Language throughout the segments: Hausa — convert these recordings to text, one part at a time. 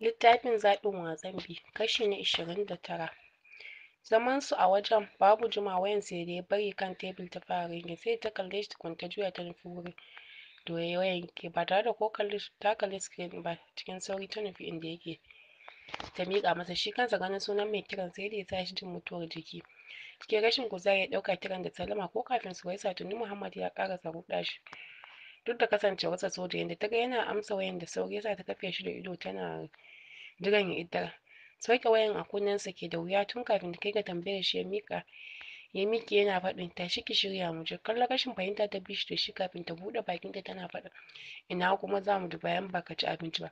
Littafin zaɓin bi? kashi na Zaman Zamansu a wajen, babu jimawa wayan sai da ya bari kan tebur ta fara ringin sai ta kalle shi tukun ta juya ta nufi wurin da wayan ke ba tare da ko ta kalli sikirin ba cikin sauri ta nufi inda yake ta miƙa masa shi kansa ganin sunan mai kiran sai da ya sa shi jin mutuwar jiki cikin rashin kuzari ya ɗauka kiran da salama ko kafin su gaisa tuni muhammad ya ƙara ruɗa shi duk da kasancewarsa soja yadda ta ga yana amsa wayan da sauri ya sa ta kafe shi da ido tana jiran ya iddar sauke wayan a kunnensa ke da wuya tun kafin da kai ga tambayar shi ya mika ya miƙe yana faɗin shi ki shirya mu je kallon rashin fahimta ta bishi da shi kafin ta buɗe ta tana faɗin ina kuma za mu bayan baka ci abinci ba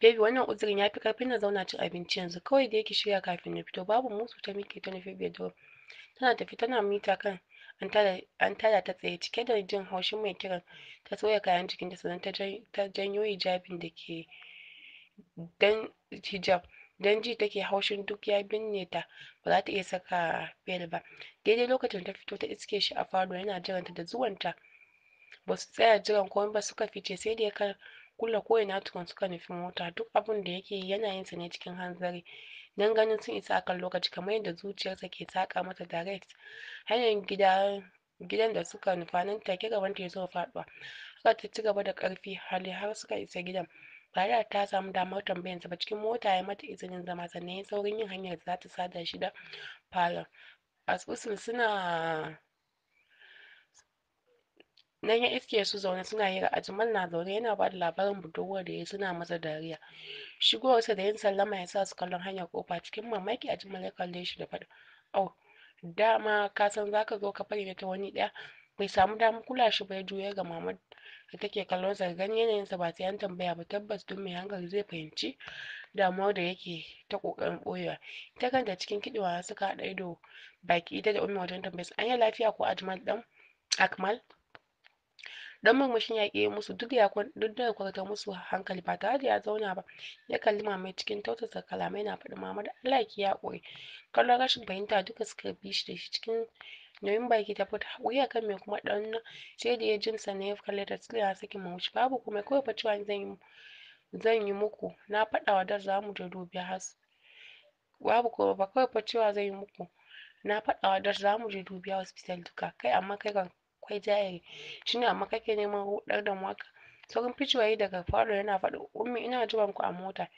Baby wannan uzurin ya fi karfin na zauna cin abinci yanzu kawai da yake shirya kafin na fito babu musu ta miƙe ta nufi dawo tana tafi tana mita kan an tada ta tsaye cike da jin haushin mai kiran ta sauya kayan jikinta sannan ta janyo hijabin da ke dan hijab don ji take haushin duk ya binne ta ba za ta iya saka fel ba daidai lokacin ta fito ta iske shi a falo yana jiranta da zuwanta ba su tsaya jiran komai ba suka fice sai da ya kulla ko ina tukun suka nufi mota duk abin da yake yana yin sa ne cikin hanzari don ganin sun isa akan lokaci kamar yadda zuciyarsa ke saka mata direct hanyar gida gidan da suka nufa nan take gabanta ya zo faɗuwa suka ci gaba da ƙarfi hali har suka isa gidan ba da ta samu damar tambayarsa ba cikin mota ya mata izinin zama sannan ya saurin yin hanyar da za ta sada shi da falon asusun suna nan ya iske su zaune suna hira ajimal na zaune yana ba da labarin budurwar da ya suna masa dariya shigowarsa da yin sallama ya sa su kallon hanyar kofa cikin mamaki ajimal ya kalle shi da faɗa au dama ka san zaka zo ka fara ta wani ɗaya bai samu damar kula shi ba ya juya ga mama da take kallon sa gani sa ba sai an tambaya ba tabbas duk mai hankali zai fahimci damuwar da yake ta kokarin boyewa ita kanta cikin kiɗewa suka hada ido baki ita da ummi wajen tambayar an yi lafiya ko ajmal dan akmal dan murmushin ya ƙi musu duk ya duk da kwarta musu hankali ba tare ya zauna ba ya kalli mamai cikin tautata kalamai na faɗi mamar da Allah ya ƙure kallon rashin fahimta duka suka bi shi da shi cikin yoyin baki ta fita haƙuri akan mai kuma ɗan sai da ya jimsa na ya kalle ta still ya saki wuce babu kuma kawai fa cewa zan yi zan yi muku na faɗa wa dar za mu je dubi has babu kuma ba kawai fa cewa zan yi muku na faɗa wa dar za mu je dubiya hospital duka kai amma kai kan kai shi shine amma kake neman hudar da mu haka saurin ficewa yi daga falo yana faɗin ummi ina jiran ku a mota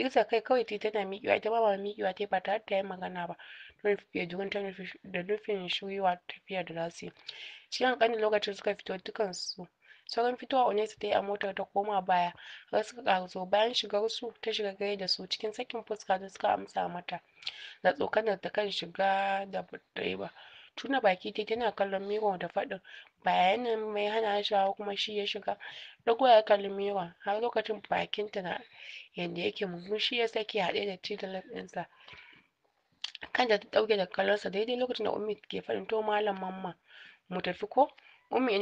girgiza kai kawai tayi tana miƙewa ita ma ba miƙewa tayi ba tare da yi magana ba Ya ji wani ta da nufin shiryawa tafiyar da za cikin ƙanƙanin lokacin suka fito dukansu sauran fitowa onesa ta yi a motar ta koma baya har suka ƙaraso bayan shigar su ta shiga gare da su cikin sakin fuska da suka amsa mata da tsokanar ta kan shiga da ba tuna baki dai-dai tana kallon miro da faɗin bayanin mai hana shi kuma shi ya shiga ɗago ya kalli miro har lokacin bakinta na yadda yake shi ya sake haɗe da tilas ɗinsa kanta ta ɗauke da kallonsa daidai lokacin da ummi ke faɗin to malam mamma mu tafi ko ummi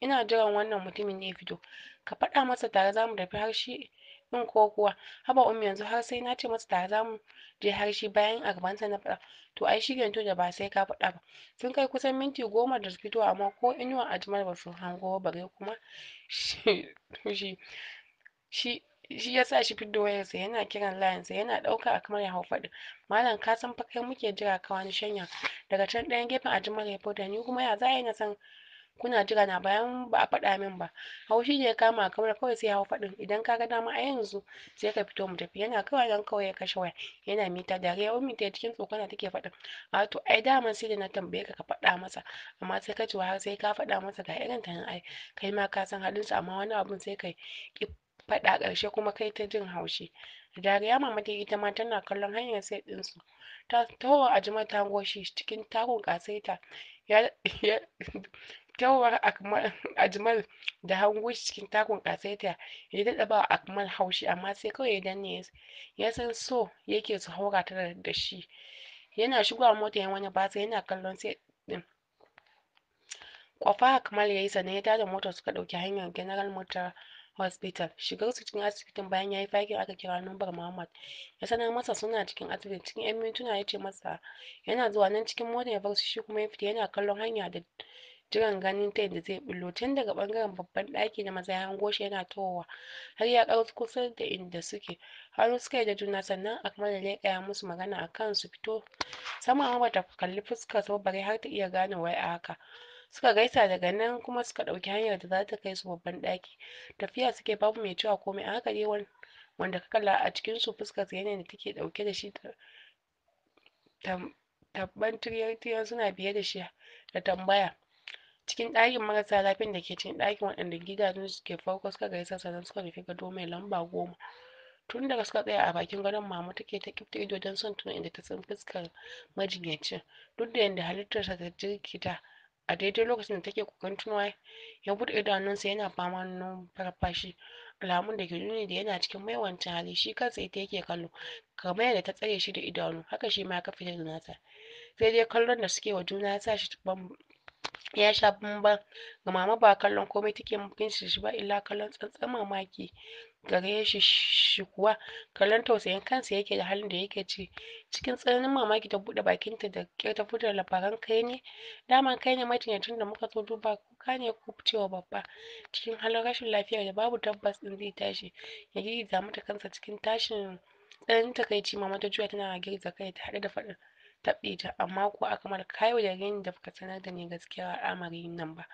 ina jiran wannan mutumin ya fito ka faɗa masa tare za mu tafi har shi in ko kuwa haba ummi yanzu har sai na ce mata da za mu je har shi bayan a gaban sa na faɗa to ai shigen to da ba sai ka faɗa ba sun kai kusan minti goma da fito amma ko inuwa a jimar ba su hango bare kuma shi shi shi ya sa shi fiddo wayarsa yana kiran layinsa yana ɗauka a kamar ya hau faɗi malam ka san fa kai muke jira ka wani shanya daga can ɗayan gefen a jimar ya ni kuma ya za a yi na san kuna jira na bayan ba a faɗa min ba haushi ne ya kama kamar kawai sai hau faɗin idan ka ga dama a yanzu sai ka fito mu tafi yana kawai dan kawai ya kashe waya yana mita dariya ummi ta cikin tsokana take faɗin a to ai dama sai da na tambaye ka ka faɗa masa amma sai ka har sai ka faɗa masa ga irin ta ai kai ma ka san sa amma wani abun sai kai ki faɗa ƙarshe kuma kai ta jin haushi dariya mama ta ita ma tana kallon hanyar sai ɗinsu ta tawa a jima ta cikin takun ƙasaita ya akmal Ajmal da hango cikin takun kasaita ya daɗa ba Akmal haushi amma sai kawai ya danne ya san so yake su haura ta da shi. Yana shigowa mota ya wani batsa yana kallon sai ɗin. Kwafa Akmal ya yi sannan ya tada mota suka ɗauki hanyar General Motor Hospital. Shigar su cikin asibitin bayan ya yi fakin aka kira lambar Muhammad. Ya sanar masa suna cikin asibitin cikin 'yan mintuna ya ce masa yana zuwa nan cikin mota ya bar su shi kuma ya fita yana kallon hanya da jiran ganin ta yadda zai bullo tun daga bangaren babban ɗaki na maza ya hango shi yana towa har ya karo kusa da inda suke har suka yi da juna sannan akmal da leƙa ya musu magana a kan su fito sama amma bata kalli fuskar sa bare har ta iya gane wai a haka suka gaisa daga nan kuma suka ɗauki hanyar da za ta kai su babban ɗaki tafiya suke babu mai cewa komai a haka dai wanda ka kalla a cikin su fuskar sa yanayin da take dauke da shi tabban tiriyar suna biye da shi da tambaya cikin ɗakin marasa lafiyan da ke cikin ɗakin waɗanda gidajen su ke farko suka gaisa sannan suka nufi gado mai lamba goma tun daga suka tsaya a bakin gadon mama take ta kifta ido don son tuna inda ta san fuskar majinyacin duk da yadda halittarsa ta jirkita a daidai lokacin da take kokarin tunawa ya buɗe idanunsa yana fama numfarfashi alamun da ke nuni da yana cikin maiwancin hali shi kansa ita yake kallo kamar yadda ta tsare shi da idanu haka shi ma ya kafa da nata sai dai kallon da suke wa juna ya sa shi ya sha bamban ga mama ba kallon komai take da shi ba illa kallon tsantsan mamaki gare shi shi kuwa kallon tausayin kansa yake da halin da yake ci cikin tsananin mamaki ta buɗe bakinta da ƙyar ta fitar labaran kai ne daman kai ne majinyacin da muka zo duba kuka ne ko cewa babba cikin halin rashin lafiya da babu tabbas din zai tashi ya girgiza mata kansa cikin tashin tsananin takaici mama ta juya tana girgiza kai ta haɗe da faɗin taɓe ta amma ko a kamar kayo da gani da baka sanar da ni gaskiya al'amarin nan ba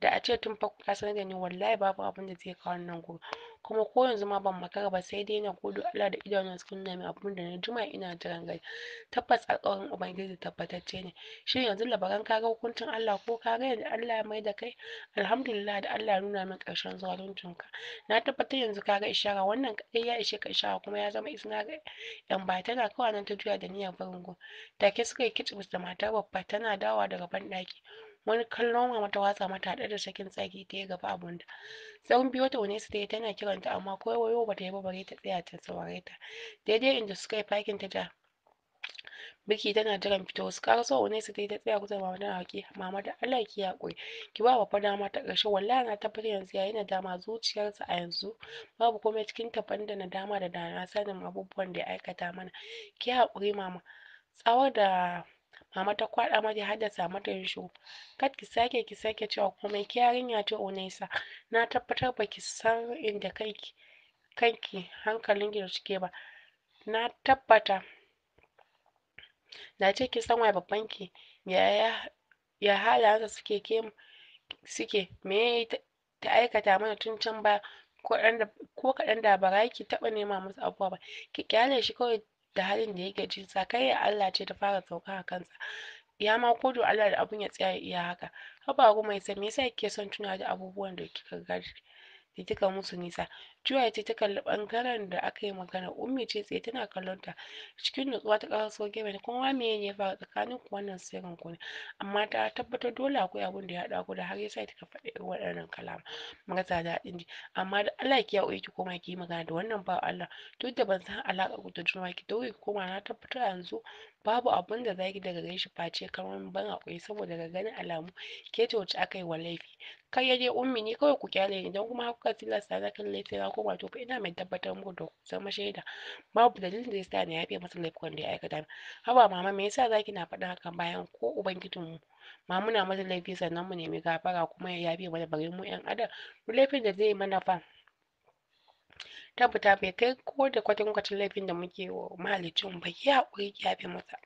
da a ce tun farko ka sanar da ni wallahi babu abin da zai kawo nan gurin kuma ko yanzu ma ban makara ba sai dai na gode Allah da idanun sun nuna min abin da na jima ina jiran gani tabbas alƙawarin ubangiji tabbatacce ne shin yanzu labaran ka ga hukuncin Allah ko ka ga yanzu Allah ya mai da kai alhamdulillah da Allah ya nuna min ƙarshen zaluncin ka na tabbatar yanzu ka ga ishara wannan kai ya ishe ka ishara kuma ya zama isna ga yan ba tana kawai nan ta juya da niyyar barin go take suka yi kicibis da matar babba tana dawowa daga banɗaki wani kallon mama ta watsa mata haɗe da sakin tsaki ta yi gaba abunta tsawon biyo ta wani su ta yi tana kiranta amma ko yau yau bata yi ba bare ta tsaya ta saurare ta daidai inda suka yi fakin ta da biki tana jiran fito wasu karaso wani su ta yi ta tsaya kusa mama tana haƙi mama da Allah ki yaƙuri ki ba babba dama ta ƙarshe wallahi na tabbatar yanzu yayi nadama zuciyarsa a yanzu babu komai cikin taban da nadama da dana sanin abubuwan da ya aikata mana ki haƙuri mama tsawar da mama ta kwaɗa mata haddasa mata yin shiru Kat ki sake ki sake cewa komai ki yarinya ce unaisa na tabbatar ba ki san inda kanki kanki hankalin ki cike ba na tabbata da ce ki san wa babban ki ya ya halayensa suke ke suke me ta aikata mana tun can baya ko kaɗan da ba ki taɓa nema musu abubuwa ba ki kyale shi kawai da halin da ya gaji ya Allah ce ta fara sauka a kansa ya ma kodo Allah da abun ya tsaya iya haka haba mai san me yasa kike son tuna da abubuwan da kika gari sai musu nisa juya ce ta kalli ɓangaren da aka yi magana ummi ce tsaye tana kallon ta cikin nutsuwa ta gefe gefen kuma me ne ya faru tsakanin ku wannan sirrin ku ne amma ta tabbatar dole akwai abin da ya haɗa ku da har yasa ta faɗi irin waɗannan kalama marasa daɗin ji amma da Allah ki yaƙuri ki koma ki magana da wannan ba Allah duk da ban san alaƙar ku ta juna ki daure ki koma na tabbatar yanzu babu abin da zaki daga gare shi face kamar ban haƙuri saboda daga ganin alamu ke ta wacce aka yi wa laifi kai ya je ummi ni kawai ku kyale ni don kuma kuka tilasta na kan laifi na koma to ina mai tabbatar muku da ku zama shaida babu dalilin da ya sa na yafe masa laifukan da ya aikata haba mama me yasa zaki na faɗa hakan bayan ko ubangijin ma muna masa laifi sannan mu nemi gafara kuma ya yafe mana bari mu 'yan adam laifin da zai mana fa tabbata bai kai ko da kwacin laifin da muke wa mahalicin ba ya haƙuri ya yafe masa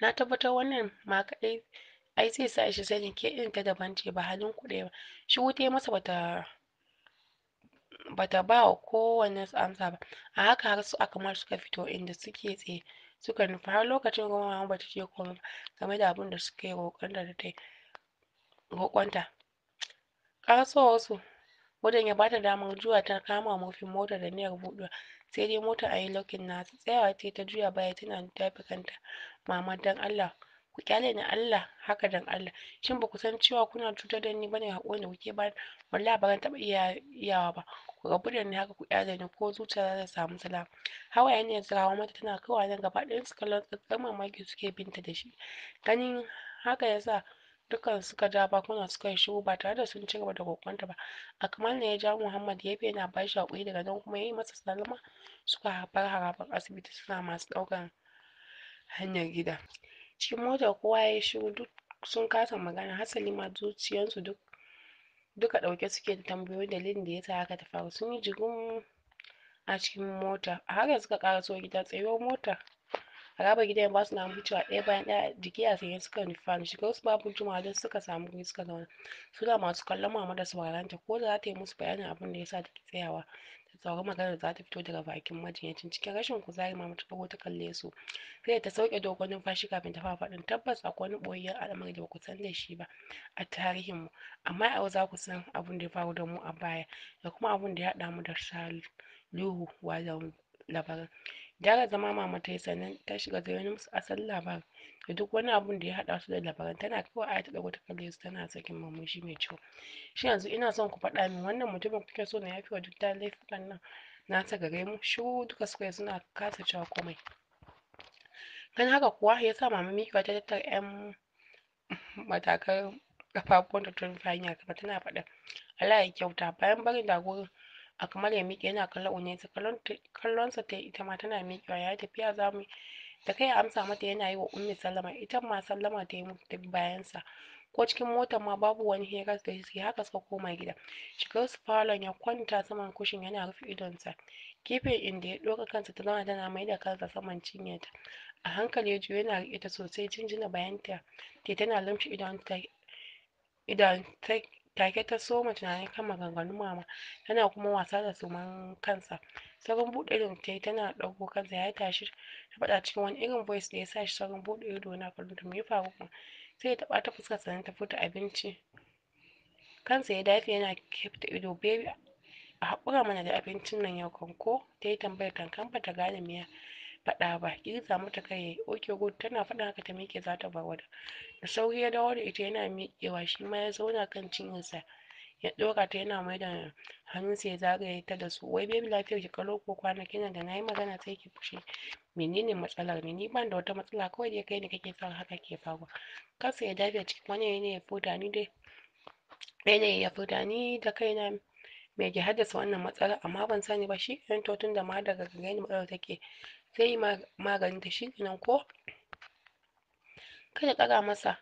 na tabbatar wannan ma kaɗai ai zai sa shi sani ke in ta daban ce ba halin kuɗi ba shi wuta masa bata bata ba wa kowanne amsa ba a haka har su kamar suka fito inda suke tsaye suka nufa har lokacin goma bata ce komai ba game da abin da suka yi roƙon da ta yi roƙonta su Gudun ya bata damar juya ta kama murfin motar da niyyar buɗewa, sai dai motar ayi yi lokin Tsayawa ta ta juya baya tana dafe kanta. Mama dan Allah ku kyale ni Allah haka dan Allah. Shin ba san cewa kuna cutar da ni bane haƙurin da kuke bani? Wallahi ba zan taɓa iya iyawa ba. Ku rabu da ni haka ku ƙyale ni ko zuciya za ta samu salama. Hawaye ne su hawa mata tana kaiwa nan gaba ɗayan su kallon tsantsar mamaki suke binta da shi. Ganin haka yasa sa dukkan suka ja bakuna suka yi shiru ba tare da sun ci gaba da roƙonta ba a kamar ne ya ja muhammad ya yana ba shi haƙuri daga nan kuma ya yi masa salama suka bar harabar asibiti suna masu ɗaukar hanyar gida cikin motar kowa ya yi shiru duk sun kasa magana hasali ma zuciyarsu duk duka ɗauke suke da tambayoyin dalilin da ya sa haka ta faru sun yi jigun a cikin mota a haka suka ƙaraso gida tsayuwar mota harabar gidan ba su na wucewa ɗaya bayan ɗaya jiki a sanye suka nufa ni shiga wasu babu juma'a don suka samu guri suka zauna suna masu kallon mama da ta ko da za ta yi musu bayanin abin da ya sa take tsayawa ta sauri maganar za ta fito daga bakin majinyacin cikin rashin kuzari mama ta ɗago ta kalle su sai da ta sauke dogon numfashi kafin ta fara faɗin tabbas akwai wani ɓoyayyen al'amari da ba ku san da shi ba a tarihin mu amma yau za ku san abin da ya faru da mu a baya da kuma abin da ya haɗa mu da salihu wa labarin gyara zama mama ta yi sannan ta shiga zaune musu asalin labarin da duk wani abun da ya haɗa su da labaran tana kawo a ta ɗago ta kalle su tana sakin murmushi mai kyau shi yanzu ina son ku faɗa min wannan mutumin kuke so na yafi wa duk ta laifukan nan na ta gare mu shiru duka suka yi suna kasa cewa komai don haka kuwa ya sa mama mika ta tattara 'yan matakan kafafuwan da tun hanya kuma tana faɗa Allah ya kyauta bayan barin da gurin a kamar ya miƙe yana kallon unaisa kallonsa ta ita ma tana miƙewa ya tafiya za mu da kai amsa mata yana yi wa ummi sallama ita ma sallama ta yi ta bayansa ko cikin motar ma babu wani hira da suke haka suka koma gida shigar su falon ya kwanta saman kushin yana rufe idonsa kifin inda ya ɗora kansa ta zama tana mai da kansa saman ta a hankali ya juyo yana riƙe ta sosai jinjina bayanta ta tana lumshe idan ta idan ta take ta soma tunanin kan maganganun mama tana kuma wasa da suman kansa saurin buɗe ido ta yi tana ɗauko kansa ya tashi ta faɗa cikin wani irin voice da ya sa shi sauran buɗe ido na kallon ta mai faru sai ya ɓata fuskar sannan ta furta abinci kansa ya dafe yana kifta ido baby a haƙura mana da abincin nan yau kan ko ta yi tambayar kankan ba ta gane miya faɗa ba girza mata kai yayi oke go tana faɗin haka ta miƙe za ta bar da sauri ya dawo da ita yana miƙewa shi ma ya zauna kan cinyarsa ya ɗora ta yana mai da hannunsa ya zagaye ta da su wai be lafiyar ki kalo ko kwanakin nan da nayi magana sai ki fushi menene matsalar ne ni ban da wata matsala kawai dai kai ne kake son haka ke faruwa kansa ya dafe cikin wani yanayi ya fita ni dai yanayi ya mai ni da kaina me ke haddasa wannan matsala. amma ban sani ba shi kenan to tunda ma daga gare ni matsalar take zai yi maganin ta shi kenan ko kada ɗaga masa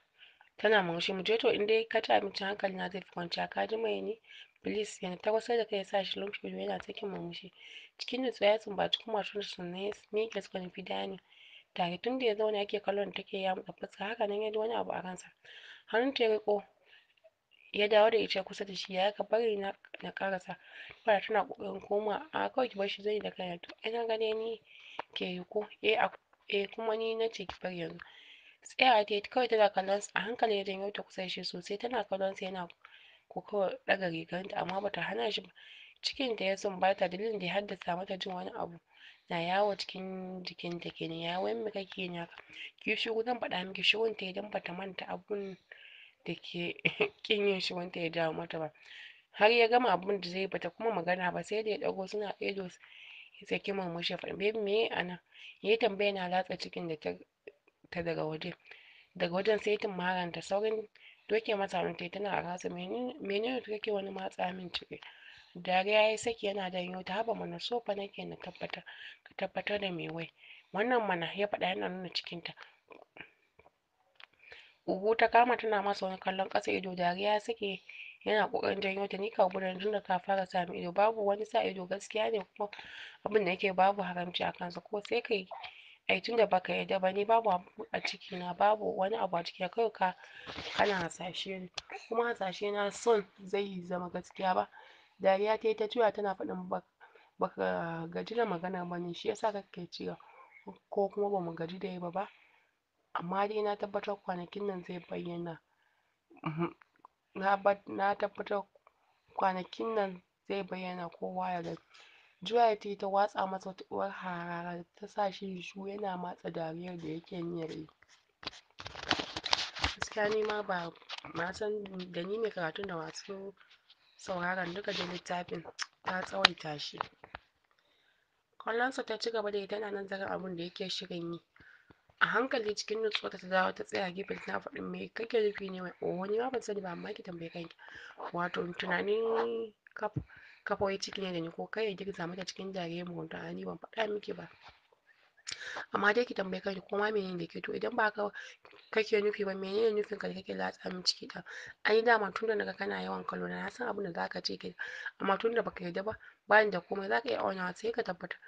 tana murmushi mu je to in dai ka ci abincin hankali na zai fi kwanciya ka ji mai ne bilis yana ta da kai ya sa shi lumshe yana sakin murmushi cikin nutsuwa ya sumbaci kumatun da sannan ya miƙe suka nufi dani tare tun da ya zauna yake kallon da take ya mutsa fuska haka nan ya ji wani abu a kansa Hannun ta ya riko. ya dawo da ita kusa da shi ya ka bari na na karasa fara tana kokarin koma a kawai ki bar shi zai da kaina to ai gane ni ke yi ko eh, eh kuma ni na ce ki bar yanzu tsayawa ta yi kawai tana kallon a hankali ya janyo ta kusa shi sosai tana kallon sa yana kokawa ɗaga rigarta amma bata hana shi ba cikin da ya sumbata dalilin da ya haddasa mata jin wani abu na yawo cikin jikinta kenan ya wai me kake yin haka ki shiru zan faɗa miki shirun ta idan bata manta abun da ke kin yin shirun ta ya jawo mata ba har ya gama abun da zai bata kuma magana ba sai da ya ɗago suna ɗaya sai ki murmushi faɗin baby me a nan yayi yi tambaya na latsa cikin da ta daga waje daga wajen sai tun maranta saurin doke masa rantai tana a rasa menene kake wani matsa min ciki dariya ya saki yana yau ta haba mana sofa nake na tabbatar ka tabbatar da me wai wannan mana ya faɗa yana nuna cikin ta ugu ta kama tana masa wani kallon ƙasa ido dariya ya sake yana kokarin janyo ta ni ka gurin tunda ka fara sa ido babu wani sa ido gaskiya ne kuma abin da yake babu haramci a kansa ko sai kai ai tunda baka yarda ba ni babu abu a ciki na babu wani abu a ciki na kawai ka kana hasashe ne kuma hasashe na son zai zama gaskiya ba dariya ta yi ta juya tana faɗin baka gaji da magana ba ne shi yasa kake cewa ko kuma bamu gaji da yi ba ba amma dai na tabbatar kwanakin nan zai bayyana uhm. na tabbatar kwanakin nan zai bayyana kowa ya gani juya yi ta watsa masa wata uwar harara da ta sa shi shiru yana matsa dariyar da yake niyyar yi gaskiya ni ma ba na san da ni mai karatun da masu sauraron duka da littafin ta tsawaita shi kallonsa ta ci gaba da yi tana nazarin abin da yake shirin yi a hankali cikin nutsuwa ta dawo ta tsaya gefen tana faɗin me kake nufi ne mai oho ni ma ban sani ba amma ki tambaye kanki wato tunanin kafawai ciki ne da ni ko kai ya girza mata cikin jaririn mu da ni ban faɗa miki ba amma dai ki tambayi kanki ko ma menene da ke to idan ba ka kake nufi ba menene nufin ka kake latsa min ciki ɗin ai dama tun da naga kana yawan kallo na san abin da zaka ce ke amma tun da baka yarda ba bani da komai za ka iya aunawa sai ka tabbatar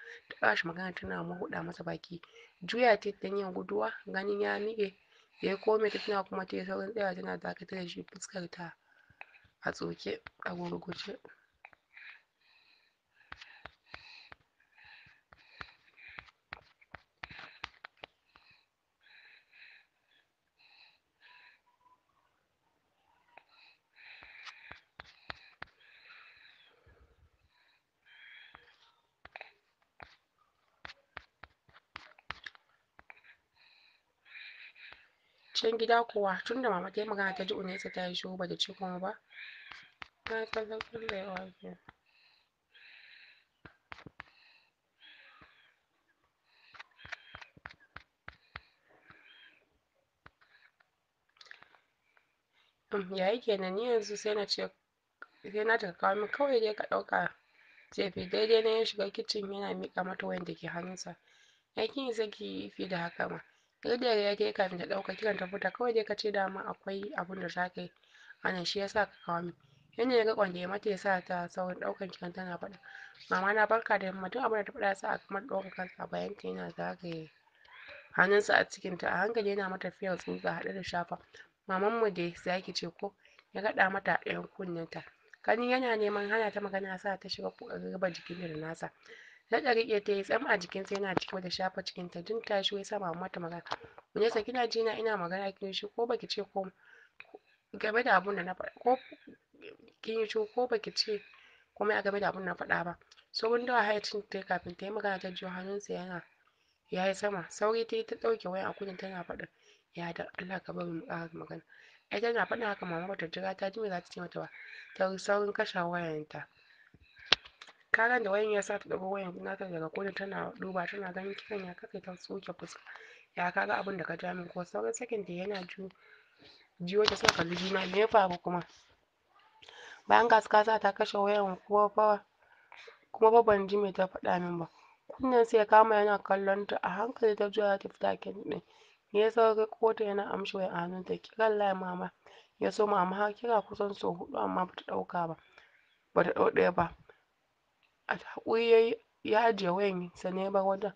ta shi magana tana mahuɗa masa baki juya tayi don yin guduwa ganin ya miƙe yi komai ta tuna kuma ta yi saurin tsayawa tana dakatar da shi fuskar ta a tsoke a gurguje can gida kuwa tunda mama ta magana ta ji Unaisa ta yi shiru ba da ce ba na da yawa ke mm, yayi kenan ni yanzu sai na ce sai na ta kawo min kawai dai ka ɗauka jefi daidai na ya shiga kicin yana miƙa mata wanda da ke hannunsa ya ki yi saki fi da haka ma Lodiyar ya ke kafin ta ɗauka kiran ta fita kawai dai ka ce dama akwai abun da za ka yi Ana shi ya sa ka kawo min. Yanda ya ga ƙwanda ya mata ya sa ta saurin ɗaukan kiran tana faɗa. Mama na barka da yamma duk abin da ta faɗa sa a kamar ɗaukar kansa a bayan ta yana zagaye hannunsa a cikinta a hankali yana mata fiyar tsutsa haɗe da shafa. Maman mu dai zaki ce ko ya gaɗa mata a kunnen kunnenta. Gani yana neman hana ta magana sa ta shiga raba jikin da nasa. Daɗa riƙe ta yi tsam a sai yana cike da shafa cikinta tun ta shi yasa ba mata magana. Munesa kina ji na ina magana kin shi ko baki ce ko game da abun da na faɗa ko kin shi ko baki ce komai a game da abun da na faɗa ba. Saurin dawa hayacin ta kafin ta yi magana ta jiyo hannunsa yana ya yi sama sauri ta yi ta ɗauke wayan a kunnen tana faɗin ya da Allah ka bari mu ƙara magana. Ai tana faɗin haka mama ta jira ta ji me za ta ce mata ba ta saurin kashe wayanta. karan da wayan ya sa ta ɗago wayan nata daga kodin tana duba tana ganin kiran ya kai ta soke fuska ya kaga abin da ka ja min ko sauran sakin da yana ju jiyo ta kalli juna me ya faru kuma bayan gaskasa ta kashe wayan kuma fa kuma fa ban ji me ta faɗa min ba kunnen sai ya kama yana kallon ta a hankali ta juya ta fita kin ɗin me ya sauka kota yana amshi wayan a ta kiran layi mama ya so mama har kira kusan sau huɗu amma ta ɗauka ba ta ɗau ɗaya ba a ya ya ajiye wayan sa ya bar wajen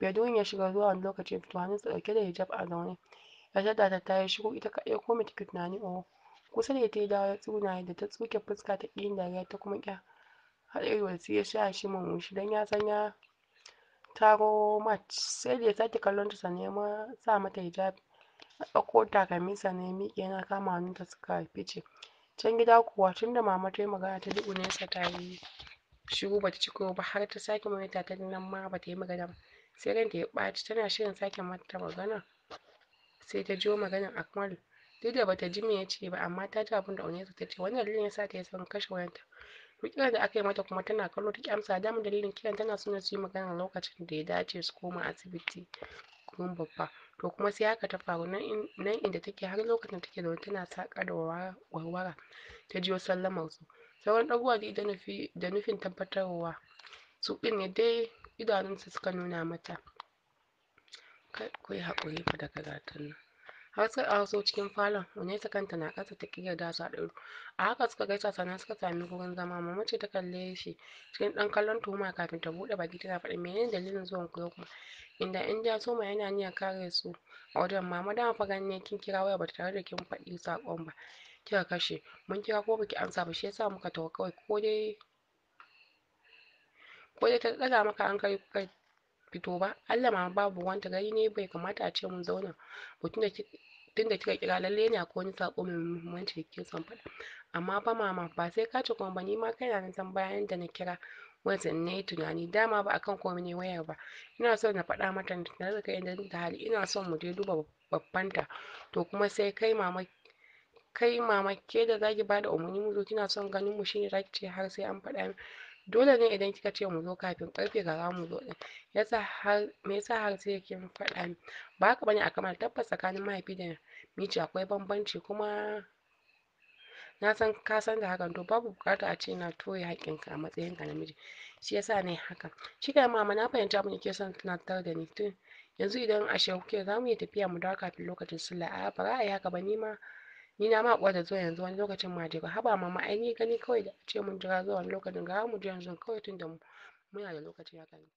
bedroom ya shiga zuwa wani lokaci ya fito hannunsa ɗauke da hijab a zaune ya tada ta tayi shiru ita kaɗai ko mai take tunani o. Oh. kusa da ta yi dawo ya tsuna da ta tsuke fuska ta ƙi dariya ta kuma ƙya haɗa ido su ya sha shi wushi. don ya san ya taro mat sai da ya sake kallon ta sannan ya sa mata hijabi ya ɗauko takalmi na ya miƙe yana kama hannunta suka fice can gida kuwa tunda mama ta yi magana ta duƙune sa ta yi shiru bata ci ko ba har ta sake maimaita ta nan ma bata yi magana ba sai ranta ya ɓaci tana shirin sake mata magana sai ta jo maganar akmal duk da bata ji me ya ce ba amma ta ji abinda da onesa ta ce wannan dalilin yasa ta yi son kashe wayanta kiran da aka yi mata kuma tana kallo ta amsa damar dalilin kiran tana so su yi magana lokacin da ya dace su koma asibiti kuma babba to kuma sai haka ta faru nan inda take har lokacin da take zaune tana saƙa da warwara ta jiyo sallamar su sauran ɗaguwa da nufi da nufin tabbatarwa su ɗin ne dai idanunsa suka nuna mata kai yi haƙuri fa da karatun nan har suka ƙaraso cikin falon ta kanta na ƙasa ta ƙi da su haɗu a haka suka gaisa sannan suka sami gurin zama mama ce ta kalle shi cikin ɗan kallon tuhuma kafin ta buɗe baki tana faɗi menene dalilin zuwan ku yau kuma inda in ja soma yana niyyar kare su a wajen mama dama fa ganin kin kira waya ba tare da kin faɗi saƙon ba kika kashe mun kira ko baki amsa ba shi yasa muka taho kawai ko dai ko dai ta tsaga maka hankali kuka fito ba Allah ma babu wanta gari ne bai kamata a ce mun zauna ba tunda tunda kika kira lalle ne akwai wani sako mai muhimmanci da son faɗa amma fa mama ba sai ka ce kuma ba ni ma kaina na san bayan da na kira wajen ne tunani dama ba akan komai ne wayar ba ina son na faɗa mata na zaka yi da hali ina son mu je duba babbanta to kuma sai kai mama kai mama ke da zaki bada umarni mu zo kina son ganin mu shine zaki ce har sai an faɗa min dole ne idan kika ce mu zo kafin karfe kaza mu zo din yasa har me yasa har sai kin faɗa min ba haka bane a kamata, tabbas tsakanin mahaifi da miji akwai bambanci kuma na san ka san da hakan to babu bukata a ce na toye haƙƙinka a matsayinka namiji shi yasa ne haka shi kai mama na fahimci mun ke son tunatar da ni tun yanzu idan ashe kuke za mu iya tafiya mu dawo kafin lokacin sallah a'a ba za a yi haka ba ni ma ni na ma kwata zuwa yanzu wani lokacin ma ba haba ma ai ni gani kawai da ce mun jira zuwa wani lokacin ga mu ji yanzu kawai tunda muna da lokaci haka ne